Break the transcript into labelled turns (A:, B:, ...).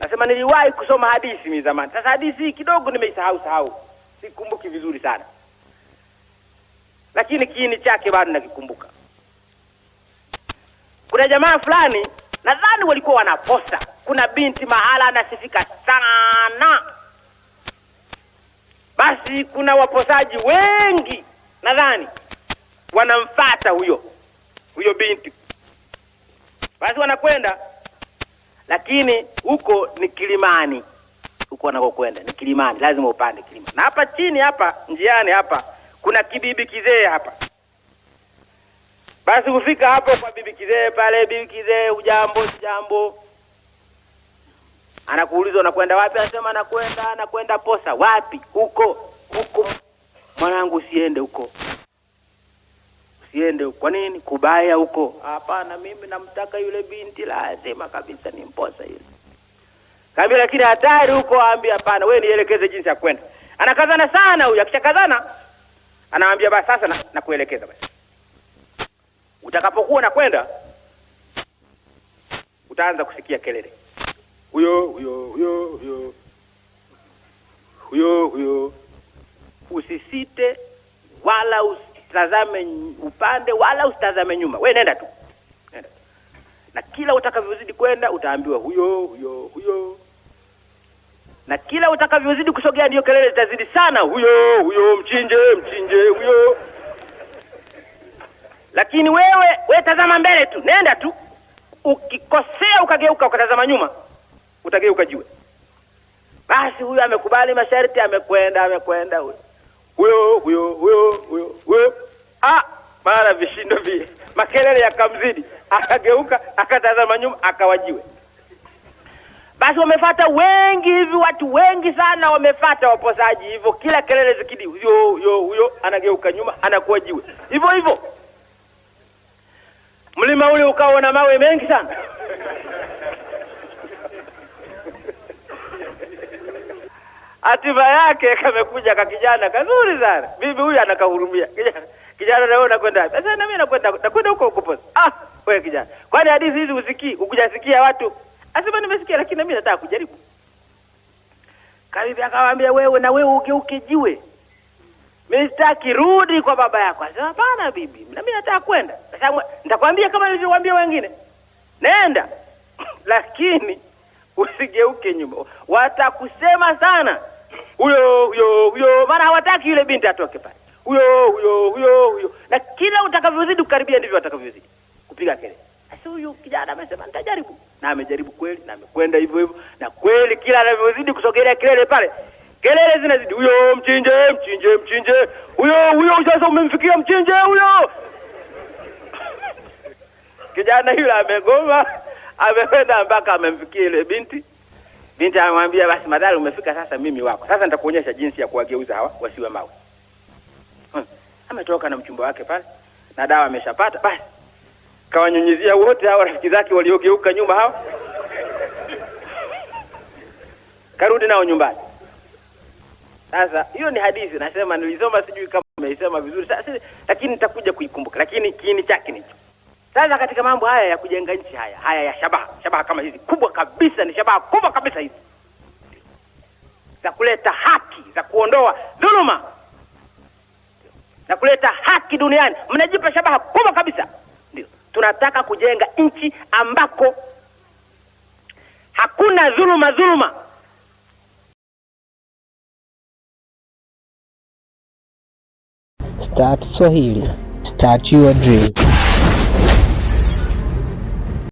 A: Nasema niliwahi kusoma hadithi mimi zamani. Sasa hadithi kidogo nimeisahau sahau, sikumbuki vizuri sana, lakini kiini chake bado nakikumbuka. Kuna jamaa fulani nadhani walikuwa wanaposa, kuna binti mahala anasifika sana, basi kuna waposaji wengi nadhani wanamfata huyo huyo binti, basi wanakwenda lakini huko ni kilimani, huko anakokwenda ni kilimani, lazima upande kilima. Na hapa chini hapa njiani hapa kuna kibibi kizee hapa. Basi kufika hapo kwa bibi kizee pale, bibi kizee, ujambo, sijambo, anakuuliza unakwenda wapi? Anasema nakwenda anakwenda posa. Wapi? Huko huko mwanangu, usiende huko siende. Kwa nini kubaya huko? Hapana, mimi namtaka yule binti, lazima kabisa nimposa yule. Kaambia lakini hatari huko. Aambia hapana, wewe nielekeze jinsi ya kwenda. Anakazana sana huyu, akishakazana anaambia basi sasa na, na kuelekeza basi. Utakapokuwa nakwenda utaanza kusikia kelele, huyo huyo huyo huyo huyo huyo. Usisite wala usi usitazame upande wala usitazame nyuma, we nenda tu, nenda tu, na kila utakavyozidi kwenda utaambiwa huyo huyo huyo, na kila utakavyozidi kusogea ndiyo kelele zitazidi sana, huyo huyo, mchinje mchinje, huyo. Lakini wewe we tazama mbele tu, nenda tu. Ukikosea ukageuka ukatazama nyuma, utageuka jiwe. Basi huyo amekubali masharti, amekwenda amekwenda huyo huyo huyo huyo huyo huyo, ah, mara vishindo vi makelele yakamzidi, akageuka akatazama nyuma, akawajiwe. Basi wamefata wengi hivi, watu wengi sana wamefata waposaji hivyo, kila kelele zikidi, huyo huyo huyo, anageuka nyuma, anakuwa jiwe hivyo hivyo. Mlima ule ukawa na mawe mengi sana hatima yake kamekuja ka kijana kazuri sana. Bibi huyu anakahurumia kijana, kijana leo nakwenda Sasa na mimi nakwenda nakwenda huko huko posa. Ah, wewe kijana, kwani hadithi hizi usikii? Ukujasikia watu asema nimesikia, lakini na mimi nataka kujaribu. Kabibi akamwambia wewe, na wewe ugeuke jiwe, mimi sitaki, rudi kwa baba yako. Asema hapana bibi, na mimi nataka kwenda. Sasa nitakwambia kama nilivyowaambia wengine, nenda lakini usigeuke nyuma, watakusema sana huyo huyo huyo, maana hawataki yule binti atoke pale, huyo huyo huyo huyo, na kila utakavyozidi kukaribia ndivyo atakavyozidi kupiga kelele. Sasa huyu kijana amesema nitajaribu, na amejaribu kweli, na amekwenda hivyo hivyo, na kweli kila anavyozidi kusogelea kelele pale, kelele zinazidi, huyo mchinje, mchinje, mchinje, huyo huyo, sasa umemfikia mchinje huyo. Kijana yule amegoma, amekwenda mpaka amemfikia ile binti Binti basi, madhara umefika sasa, mimi wako sasa, nitakuonyesha jinsi ya kuwageuza hawa wasiwe mawe. Hmm. Ametoka na mchumba wake pale na dawa ameshapata, basi kawanyunyizia wote hao rafiki zake waliogeuka nyuma hao, karudi nao nyumbani. Sasa hiyo ni hadithi, nasema nilisoma, sijui kama umeisema vizuri sasa, lakini nitakuja kuikumbuka, lakini kiini chake nicho sasa katika mambo haya ya kujenga nchi, haya haya ya shabaha, shabaha kama hizi kubwa kabisa, ni shabaha kubwa kabisa hizi za kuleta haki, za kuondoa dhuluma na kuleta haki duniani, mnajipa shabaha kubwa kabisa. Ndio tunataka kujenga nchi ambako hakuna dhuluma, dhuluma Start Swahili. Start your dream.